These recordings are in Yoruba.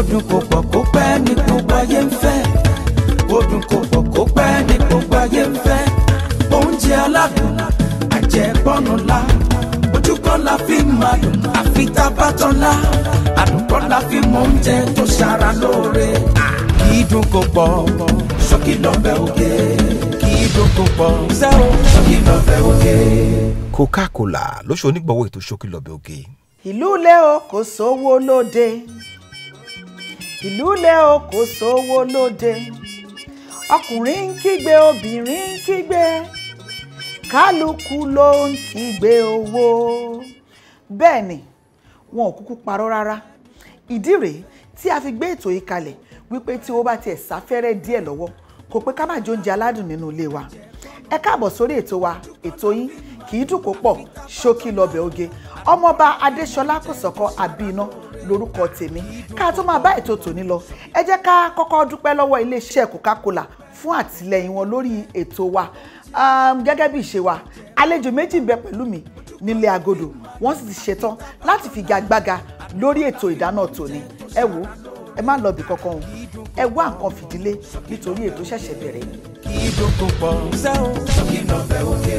odun kò pọ̀ kó pẹ́ ní gbogbo ayé ń fẹ́ odun kò pọ̀ kó pẹ́ ní gbogbo ayé ń fẹ́ oúnjẹ aládùn àjẹbọ́nu la ojúkọ́ la fi máa dùn àfi tá a bá tán la àdùnkọ́ la fi mọ oúnjẹ tó ṣara lóore kì í dùn kò pọ̀ ṣókí lọ́bẹ̀ oge kì í dùn kò pọ̀ sẹ́wọ̀n lọ́bẹ̀ oge. Coca-Cola ló ṣe onígbọ̀wọ́ ètò ṣókí lọ́bẹ̀ oge. ìlú lẹ́ o kò sówó lóde ìlú lé o kò sówó lóde ọkùnrin ń kígbe obìnrin ń kígbe kálukú ló ń kígbe owó bẹ́ẹ̀ ni wọn ò kúkú parọ́ rárá ìdí rèé tí a fi gbé ètò yìí kalẹ̀ wípé tí owó bá tiẹ̀ sáfẹ́rẹ́ díẹ̀ lọ́wọ́ kò pé ká má jẹ oúnjẹ aládùn nínú ilé wa ẹ káàbọ̀ sórí ètò wa ètò yín kì í dùn kó pọ̀ ṣókí lọ́bẹ̀ oge ọmọọba adéṣọlá kòsọ̀kọ àbí iná lórúkọ tèmi ká tó máa bá ètò tòní lọ ẹ jẹ́ ká kọ́kọ́ dúpẹ́ lọ́wọ́ iléeṣẹ́ Coca-Cola fún àtìlẹyìn wọn lórí ètò wa gẹ́gẹ́ bí ìṣe wa àlejò méjì ń bẹ pẹ̀lú mi nílé agodo wọ́n sì ti ṣetán láti figagbága lórí ètò ìdáná tòní ẹ wo ẹ má lọ bì kankan o ẹ wá nǹkan fìdílé nítorí ètò ṣẹ̀ṣẹ̀ bẹ̀rẹ̀ ni. kí ló tó pọ̀ ṣẹ́ o kí fẹ́ òkè.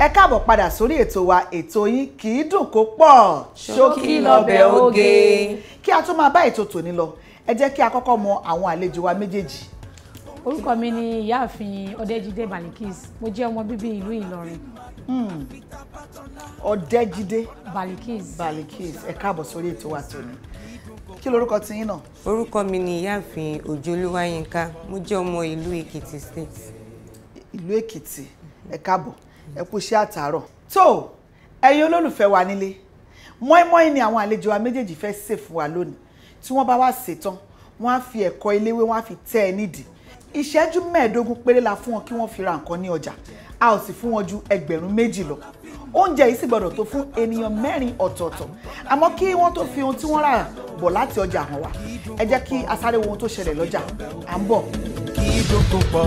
ẹ káàbọ̀ padà sórí ètò wa ètò yín kì í dùn kó pọ̀ ṣókí lọ́bẹ̀ oge kí a tó máa bá ètò tòní lọ ẹ jẹ́ kí a kọ́kọ́ mọ àwọn àlejò wa méjèèjì. orúkọ mi ni ìyáàfin ọdẹjídé balikis mo jẹ́ ọmọ bíbí ìlú ìlọrin. Hmm. ọdẹjídé balikis balikis ẹ káàbọ̀ sórí ètò wa tòní kí lorúkọ tiyín náà. orúkọ mi ni ìyáàfin òjòlúwáyínká mo jẹ́ ọmọ ìlú èkìtì state. ìlú èkìtì ẹ káàbọ̀ ẹ kú iṣẹ́ àtàárọ̀ tó ẹ̀yin olólùfẹ́ wa nílé mọ́ínmọ́ín ni àwọn àlejò wa méjèèjì fẹ́ sè fún wa lónìí tí wọ́n bá wá sè tán wọ́n á fi ẹ̀kọ́ eléwé wọ́n á fi tẹ́ ẹ nídìí ìṣẹ́jú mẹ́ẹ̀ẹ́dógún péré la fún wọn kí wọ́n fi ra nǹkan ní ọjà a ò sì fún wọn ju ẹgbẹ̀rún méjì lọ oúnjẹ yìí sì gbọdọ̀ tó fún ènìyàn mẹ́rin ọ̀tọ̀ọ̀tọ̀ àmọ́ kí wọ́n tó fi ohun tí wọ́n rà bọ̀ láti ọjà hàn wá ẹ jẹ́ kí a sáré wo ohun tó ṣẹlẹ̀ lọ́jà à ń bọ̀. kí ló kó pọ̀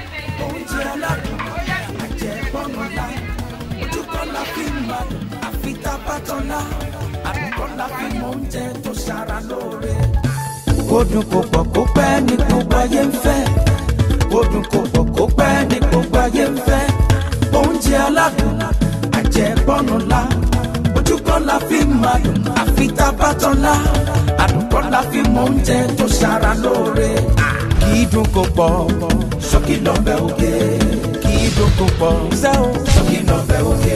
ọlọ́dún àjẹpọ́nmọ́lá ojúkọ́ la fi mọ àfitábátọ́lá àdúgbò la fi mọ oúnjẹ tó ṣara lóore. kó dùn kó pọ̀ kó pẹ́ ní gbogbo ayé ń fẹ́ kó dùn pọ̀ kó pẹ́ ní gbogbo ayé ń fẹ́ oúnjẹ aládùn àjẹpọ́nmọ́lá ojúkọ́ la fi mọ àfitábátọ́lá àdúgbò la fi mọ oúnjẹ tó ṣara lóore kì í dùn kó pọ̀. ṣókí lọ́bẹ̀ oge. kì í dùn kó pọ̀. ṣókí lọ́bẹ̀ oge.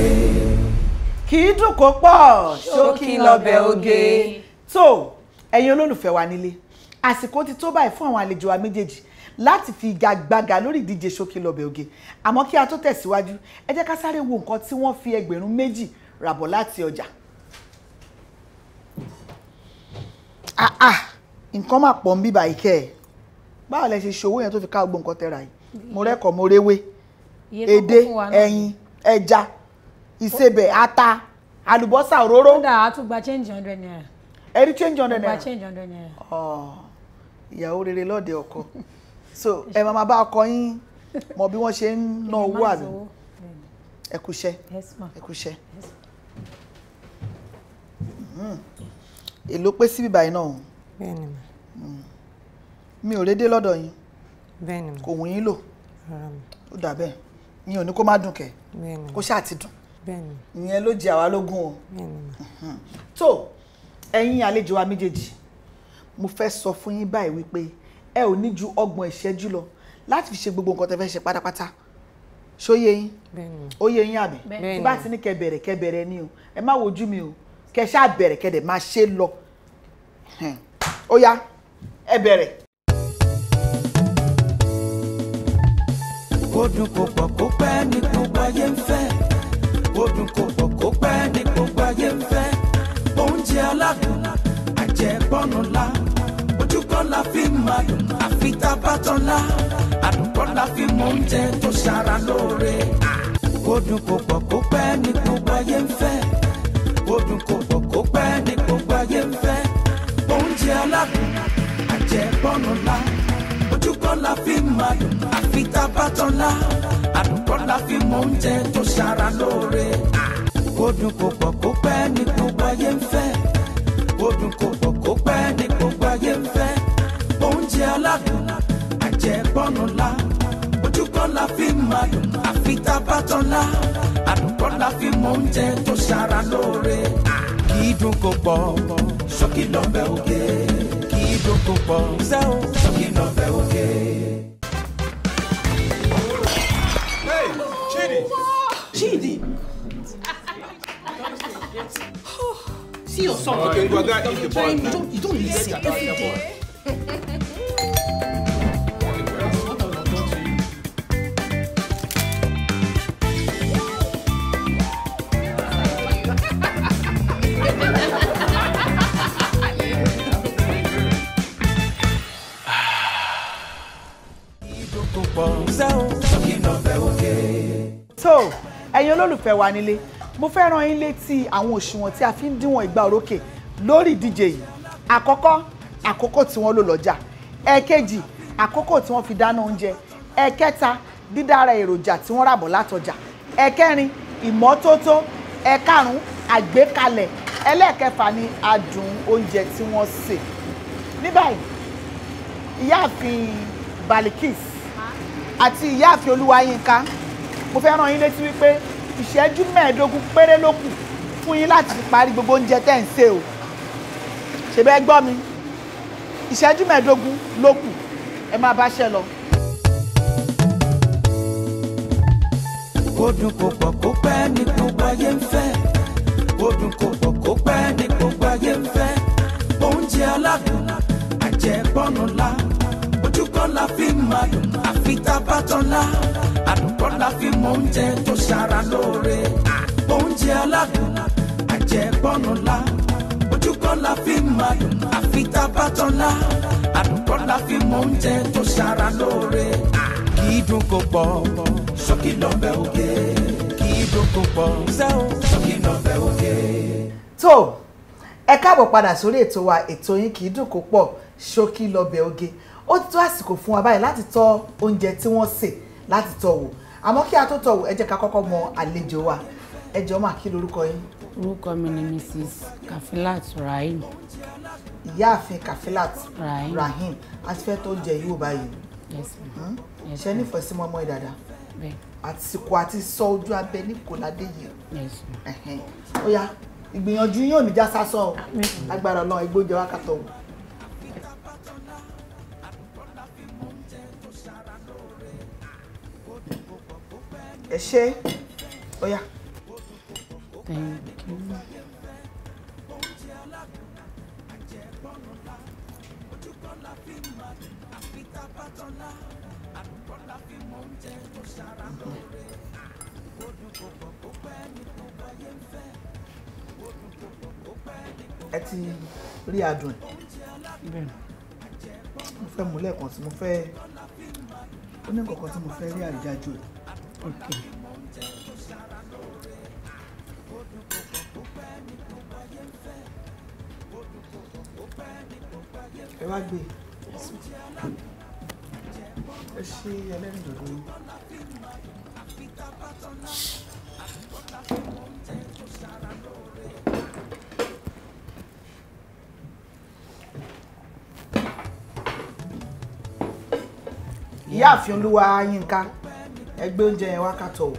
kì í dùn kó pọ̀. ṣókí lọ́bẹ̀ oge. tó ẹ̀yin olólùfẹ́ wa nílé àsìkò ti tó báyìí fún àwọn àlejò wa méjèèjì láti fi ìgagbága lórí ìdíje ṣókí lọ́bẹ̀ oge àmọ́ kí a tó tẹ̀síwájú ẹ jẹ́ ká sáré wo nǹkan tí wọ́n fi ẹgbẹ̀rún méjì ràbọ̀ láti ọjà. Ah, ah, nǹkan máa pọ̀ ń bí báyìí ẹ̀ báwo lẹ ṣe ṣòwò yẹn tó fi ká gbogbo nǹkan tẹ́ra yìí mo rẹ́kọ̀ọ́ mo rewé edé ẹyin ẹja ìsebẹ̀ ata àlùbọ́sà òróró. kódà a tún gba change hundred naira. ẹ change hundred naira. gba change hundred naira. ìyàwó rere lọ́ọ̀dẹ ọkọ so ẹ máa bá ọkọ yín mọ bí wọ́n ṣe ń ná owó àbí ẹ kúṣẹ́ ẹ kúṣẹ́ hmm. èló pé síbí báyìí náà mi ò rédé lọ́dọ̀ yín bẹ́ẹ̀ni kò wù yín lò ó dà bẹ́ẹ̀ yín ò ní kó má dùn kẹ́ kó ṣáà ti dùn ìyẹn ló jẹ àwa lógún o tó ẹ̀yin àlejò wa méjèèjì mo fẹ́ sọ fún yín báyìí wípé ẹ ò ní ju ọgbọ̀n ìṣẹ́jú lọ láti fi ṣe gbogbo nǹkan tẹ́ fẹ́ ṣe pátápátá ṣó yín ó yín àbí tí bá ti ní kẹ́ bẹ̀rẹ̀ kẹ́ bẹ̀rẹ̀ ni o ẹ má wojú mi o kẹ́ ṣáà bẹ̀rẹ̀ kẹ́ dẹ̀ máa ṣe lọ ó yá ẹ bẹ̀rẹ̀. kó dùn kó pọ̀ kó pẹ́ ní gbogbo ayé ń fẹ́ kó dùn kó pọ̀ kó pẹ́ ní gbogbo ayé ń fẹ́ oúnjẹ aládùn àjẹbọ́nu la ojúkọ́ la fi máa dùn àfi tá a àdùnkọ́ la fi mọ oúnjẹ tó ṣara lóore kó dùn pọ̀ kó pẹ́ ní gbogbo ayé ń fẹ́ kó dùn pọ̀. la fi máa dùn àfi tá a bá tán la àdùkọ́ la fi mọ oúnjẹ tó ṣara lóore. kó dùn kó pọ̀ kó pẹ́ ní gbogbo ayé ń fẹ́ kó dùn kó pọ̀ kó pẹ́ ní gbogbo ayé ń fẹ́ oúnjẹ aládùn àjẹbọ́nu la ojúkọ́ la fi máa dùn àfi la àdùkọ́ la fi mọ oúnjẹ tó ṣara lóore. kì í dùn kó pọ̀ ṣókí lọ́bẹ̀ òkè. Okay. Kí dùn kó pọ̀ ṣẹ́ o lọ́bẹ̀ òkè. feel something. Okay, Nguaga is the ball. You don't, you don't listen every so ẹ̀yin olólùfẹ́ wa nílé mo fẹ́ rán yín létí àwọn òṣùwọ̀n tí a fi ń díwọ̀n ìgbà òrókè lórí ìdíje yìí àkọ́kọ́ àkókò tí wọ́n lò lọ́jà ẹ̀ẹ̀kejì àkókò tí wọ́n fi dáná oúnjẹ ẹ̀ẹ̀kẹta dídára èròjà tí wọ́n ràbọ̀ látọjà ẹ̀ẹ̀kẹrin ìmọ́tótó ẹ̀ẹ̀karùn-ún àgbékalẹ̀ ẹlẹ́ẹ̀kẹfà ni adùn oúnjẹ tí wọ́n sè ní báyìí ìyáàfin Balikis àti ìyáàfin Olúwayínká mo fẹ́ rán yín létí wípé ìṣẹ́jú mẹ́ẹ̀ẹ́dógún péré ló kù fún yín láti parí gbogbo oúnjẹ tẹ́ ń ṣe o ṣe bẹ́ẹ̀ gbọ́ mi ìṣẹ́jú mẹ́ẹ̀ẹ́dógún ló kù ẹ máa bá ṣe lọ. kó dùn pọ̀ kó pẹ́ ní gbogbo ayé ń fẹ́ kó dùn pọ̀ kó pẹ́ ní gbogbo ayé ń fẹ́ oúnjẹ aládùn àjẹbọ́nu la ojú kan la fi máa dùn àfi tá la fi mọ oúnjẹ tó ṣara lóore. Ah. oúnjẹ aládùn àjẹbọ́nùlá ojúkọ́ la fi máa dùn àfitábátọ́lá àdùkọ́ la fi mọ oúnjẹ tó ṣara lóore. Ah. kì í dùn kó pọ̀ ṣókí lọ́bẹ̀ òkè kì í dùn kó pọ̀ ṣókí lọ́bẹ̀ òkè. tó ẹ káàbọ̀ padà sórí ètò wa ètò yín kì í dùn kó pọ̀ ṣókí lọ́bẹ̀ òkè ó ti tó àsìkò fún wa báyìí láti tọ́ oúnjẹ tí wọ́n sè láti tọ́ wò àmọ́ kí a tó tọ̀ ẹ jẹ́ ká kọ́kọ́ mọ àlejò wa ẹ jọ máa kí lorúkọ yín. orúkọ mi ni mrs kafilat rahim. ìyáàfin kafilat rahim a ti fẹ́ tó ń jẹ yìí ò báyìí hmm? ṣe nífẹ̀ẹ́ sí mọ́mọ́ ìdàdà àsìkò àti sọ ojú abẹ ní kòládé yìí ó yá ìgbìyànjú yóò ní já sásán o agbára náà igbó wákàtọ̀ wò. ẹ ṣe ó yá. ẹ ti rí adùn ẹ mo fẹ́ mú lẹ́ẹ̀kan tí mo fẹ́ ó ní nǹkan kan tí mo fẹ́ rí àrídájú rẹ̀. Okay. ẹ wá gbé ẹ ṣe ẹlẹ́rìndòdò yìí. ìyáàfin olúwa yínká ẹ gbé oúnjẹ yẹn wá ká tọ̀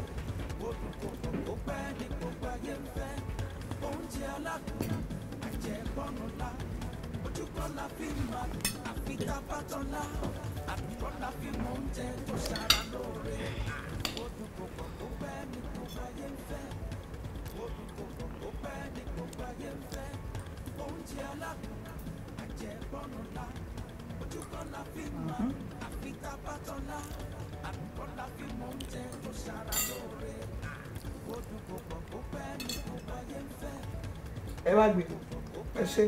Mm-hmm ẹ wá gbé ẹ ṣe.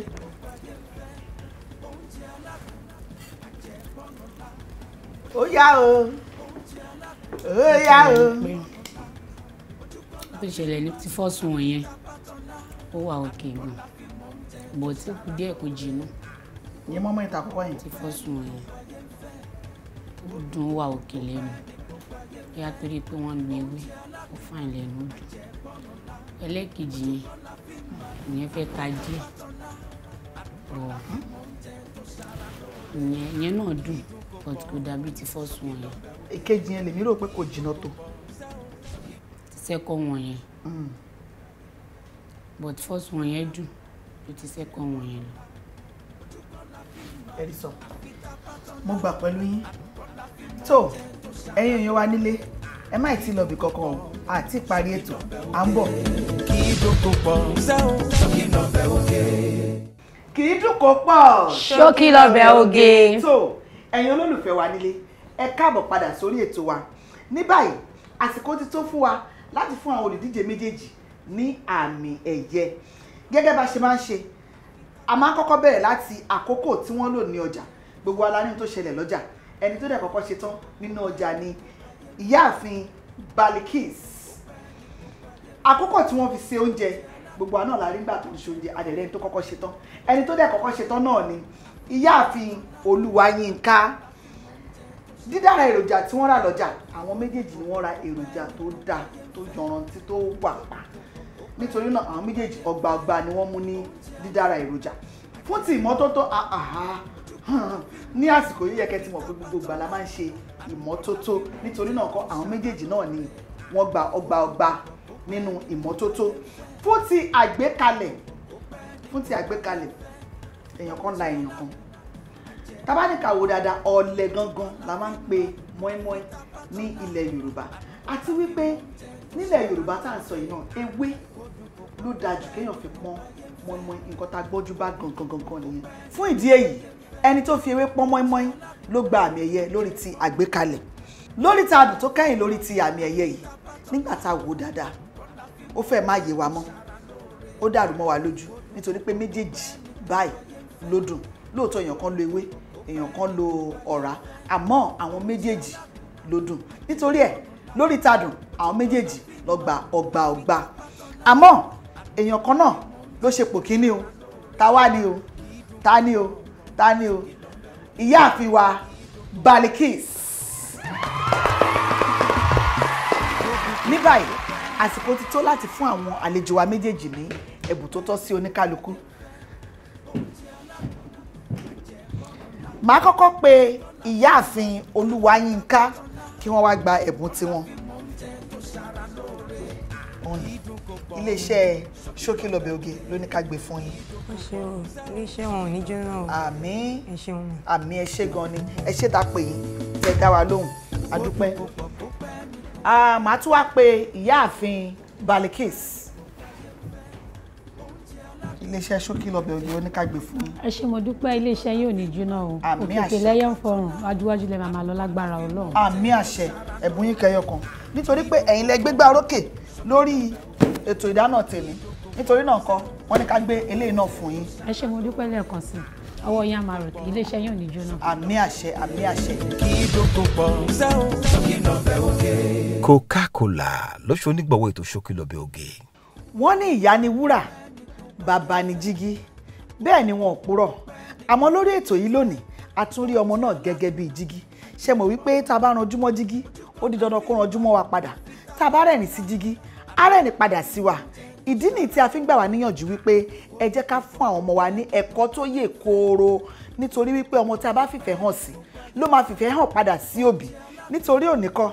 ó yá o ó yá o. ó ṣẹlẹ̀ ní tí fọ́sùn wọ̀nyẹn ó wà òkè gan bó tí kú díẹ̀ kó jìnnà. ìyẹn mọ́mọ́ ìta àkọ́kọ́ yẹn. tí fọ́sùn wọ̀nyẹn ó dùn ó wà òkè lẹ́nu bóyá torí pé wọ́n lu ewé ó fà lẹ́nu dùn ẹlẹ́ẹ̀kejì yẹn ìyẹn fẹ́ ta díẹ̀ ìyẹn ìyẹn náà dùn but kò dàbí ti fọ́sùn wọn yẹn. èkejì yẹn lèmi rò pé kò jìnnà tó. ti sẹ́kọ̀ wọn yẹn hmm. but fọ́sùn wọn yẹn dùn ju ti sẹ́kọ̀ wọn yẹn lọ. ẹ sọ mo gbà pẹ̀lú yín tó. So, ẹ̀yin èèyàn wa nílé ẹ má ti lọ bí kankan o àti parí ètò à ń bọ̀. kì í dúnkò pọ̀ sẹ́wọ̀n ṣókí lọ́bẹ̀ oge. kì í dúnkò pọ̀ ṣókí lọ́bẹ̀ oge. tó ẹ̀yin olólùfẹ́ wa nílé ẹ káàbọ̀ padà sórí ètò wa ní báyìí àsìkò ti tó fún wa láti fún àwọn olùdíje méjèèjì ní àmì ẹ̀yẹ gẹ́gẹ́ bá ṣe máa ń ṣe a máa kọ́kọ́ bẹ̀rẹ̀ láti àkókò tí wọ́n lò ní ọjà gbogbo alárin tó ṣẹlẹ̀ lọ́jà ẹni tó dẹ̀ kọ́kọ́ ṣetán nínú ọjà ni ìyáàfin Balikis àkókò tí wọ́n fi ṣe oúnjẹ gbogbo àná làrí ńgbà tó ń ṣe oúnjẹ adẹ̀rẹ́ ẹni tó kọ́kọ́ ṣetán ẹni tó dẹ̀ kọ́kọ́ ṣetán náà ni ìyáàfin Olúwayínká dídára èròjà tí wọ́n rà lọ́jà àwọn méjèèjì ni wọ́n ra èròjà tó dáa tó yanrantí tó wà pa nítorí náà àwọn méjèèjì ọgbàọgbà ni wọ́n mú ní dídára èròjà fún ti ìmọ́tótó àhàhà ní àsìkò yíyẹ kẹ́ ti mọ̀ pé gbogbo ìgbà la máa ń ṣe ìmọ́tótó nítorí náà kọ́ àwọn méjèèjì náà ni wọ́n gba ọgbà ọgbà nínú ìmọ́tótó fún ti àgbékalẹ̀ fún ti àgbékalẹ̀ èèyàn kan la èèyàn kan tabaníkà wo dáadáa ọ̀lẹ̀ gangan la máa ń pe mọ́ínmọ́ín ní ilẹ̀ Yorùbá àti wípé nílẹ̀ Yorùbá tá à ń sọ yìí náà ewé ló dáa jù kéèyàn fi pọ́n mọ́ínmọ́ín nǹkan tá a gbọ́njú bá gangan gangan nìyẹn fún ìdí èyí ẹni tó fi ewé pọ́n mọ́ínmọ́ín ló gba àmì ẹ̀yẹ lórí ti àgbékalẹ̀ lórí ta àdùn tó kẹ́yìn lórí ti àmì ẹ̀yẹ yìí nígbà tá a wò dáadáa ó fẹ́ má yé wa mọ́ ó dàrú mọ́ wa lójú nítorí pé méjèèjì báyìí ló dùn lóòótọ́ èèyàn kan lo ewé èèyàn kan lo ọ̀rá àmọ́ àwọn méjèèjì ló dùn nítorí ẹ̀ lórí ta dùn àwọn méjèèjì lọ gba ọgbà ọgbà àmọ́ èèyàn kan náà ló ṣe pò kíní o ta wá ni o ta ni o tani o ìyáàfin wa Balikis ní báyìí àsìkò ti tó láti fún àwọn àlejò wa méjèèjì ní ẹ̀bùn tó tọ́ sí oníkálukú màá kọ́kọ́ pe ìyáàfin Olúwayínká kí wọ́n wá gba ẹ̀bùn tiwọn iléeṣẹ́ ṣókè lọ́bẹ̀ oge lóníkàgbé fún yín ẹ ṣeun ilé iṣẹ́ wọn ò ní jóná o. àmín ẹ ṣeun ṣe gan ni ẹ ṣe ta pé ẹ dá wa lóhùn adúpẹ́. màá tún wá pe ìyáàfin Balikis iléeṣẹ́ ṣókí lọ́bẹ̀ òjò oníkàgbé fún ẹ ṣé mo dúpẹ́ iléeṣẹ́ yóò ní jóná o òkèkè lẹ́yìn fọrùn wájúwájú lẹ́ máa lọ lágbára ọlọ́run. àmì àṣẹ ẹ̀bùn yín kẹyọ kan nítorí pé ẹ̀yin lẹ gbégbá orókè lórí ètò ìdáná tèmi nítorí náà kọ́ wọ́n ní ká gbé eléyìí náà fún yín. ẹ ṣé mo dúpẹ́ lẹ́ẹ̀kan sí i ọwọ́ yín á máa rọ̀ tẹ iléeṣẹ́ yóò ní jóná. àmì àṣẹ àmì àṣẹ. kí dókò pọ̀ ṣé o ṣókí oge. Coca-Cola ló ṣe onígbọ̀wọ́ ètò ṣókí lọ́bẹ̀ oge. wọ́n ní ìyá ni wúrà bàbá ni jígí bẹ́ẹ̀ ni wọn ò purọ́ àmọ́ lórí ètò yìí lónìí a tún rí ọmọ náà gẹ́gẹ́ bíi jígí ṣe mọ̀ wípé tá a bá ranjú mọ́ jígí ó di dandan kó ranjú wa padà tá a bá rẹ̀rìn sí jígí á rẹ̀rìn padà sí wa ìdí nìyí tí a fi ń gbà wá níyànjú wípé ẹ jẹ́ ká fún àwọn ọmọ wa ní ẹ̀kọ́ tó yè kooro nítorí wípé ọmọ tí a bá fìfẹ́ hàn sí ló máa fìfẹ́ hàn padà sí òbí nítorí òní kọ́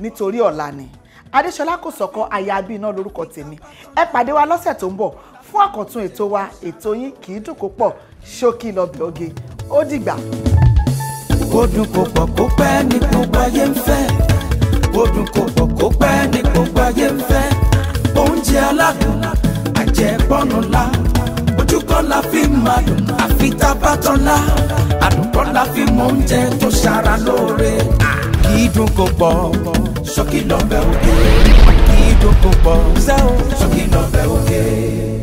nítorí ọ̀la ni adéṣọlá kò sọ̀kọ aya abíná lórúkọ tèmi ẹ pàdé wa lọ́sẹ̀ tó ń bọ̀ fún àkọ́tún ètò wa ètò yín kì í dùn kó pọ̀ ṣókí lọ́bì oge ó dìgbà. ó dùn kó pọ̀ kó pẹ́ ní gbogbo ayé ń fẹ́ ó dùn kó pọ̀ kó pẹ́ ní gbogbo ayé ń fẹ́ oúnjẹ aládùn àjẹbọ́nu la ojúkọ́ la fi máa dùn àfi tá a bá tán la àdùnkọ́ la fi mọ oúnjẹ tó ṣara lóore kì í dùn kó pọ̀ ṣọ́kì lọ́bẹ̀ òkè kì í dùn kó pọ̀ ṣọ́kì lọ́bẹ̀ òkè.